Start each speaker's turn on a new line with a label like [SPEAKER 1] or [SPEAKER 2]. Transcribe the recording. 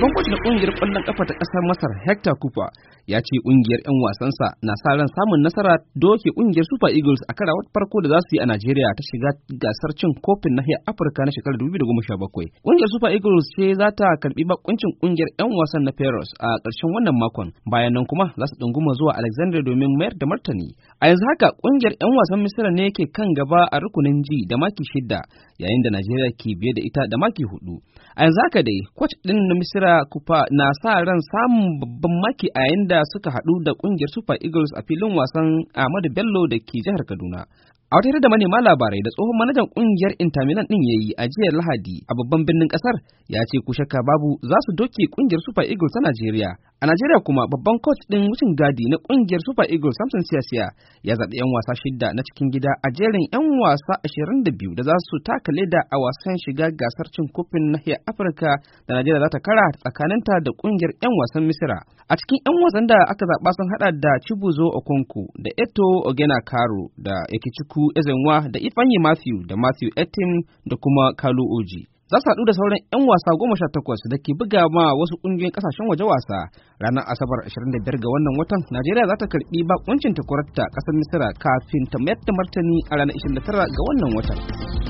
[SPEAKER 1] Babban kwacin ƙungiyar ƙwallon ƙafa ta ƙasar Masar Hector Cooper ya ce ƙungiyar 'yan wasansa na sa ran samun nasara doke ƙungiyar Super Eagles a karawar farko da za su yi a Najeriya ta shiga gasar cin kofin nahiyar Afirka na shekarar 2017. Ƙungiyar Super Eagles ce za ta karɓi bakuncin ƙungiyar 'yan wasan na Peros a ƙarshen wannan makon. Bayan nan kuma za su ɗunguma zuwa Alexandria domin mayar da martani. A yanzu haka ƙungiyar 'yan wasan Misira ne ke kan gaba a rukunin ji da maki shida yayin da Najeriya ke biye da ita da maki hudu. A yanzu haka dai kwac ɗin na Misira da kufa na sa ran samun babban maki a yayin da suka hadu da kungiyar Super Eagles a filin wasan Ahmadu Bello da ke jihar Kaduna. A wata da manema labarai da tsohon manajan kungiyar Inter Milan din ya yi a jiya Lahadi a babban birnin kasar, ya ce ku shakka babu za su doke kungiyar Super Eagles ta Najeriya A Najeriya kuma babban coach ɗin wucin gadi na ƙungiyar Super Eagles Samson Siyasiya ya zaɓi 'yan wasa shida na cikin gida a jerin 'yan wasa 22 da za su taka leda a wasan shiga gasar cin kofin nahiyar Afirka da Najeriya za ta kara tsakaninta da ƙungiyar 'yan wasan Misira. A cikin 'yan wasan da aka zaɓa sun haɗa da Chibuzo Okonku da Eto Ogena Karo da Ekichiku Ezenwa da Ifanyi Matthew da Matthew Etin da kuma Kalu Oji. za su haɗu da sauran 'yan wasa goma sha takwas da ke buga ma wasu ƙungiyoyin ƙasashen waje wasa ranar asabar 25 ga wannan watan najeriya za ta karɓi bakuncin ta ƙasar misira kafin ta mayar da martani a ranar 29 ga wannan watan.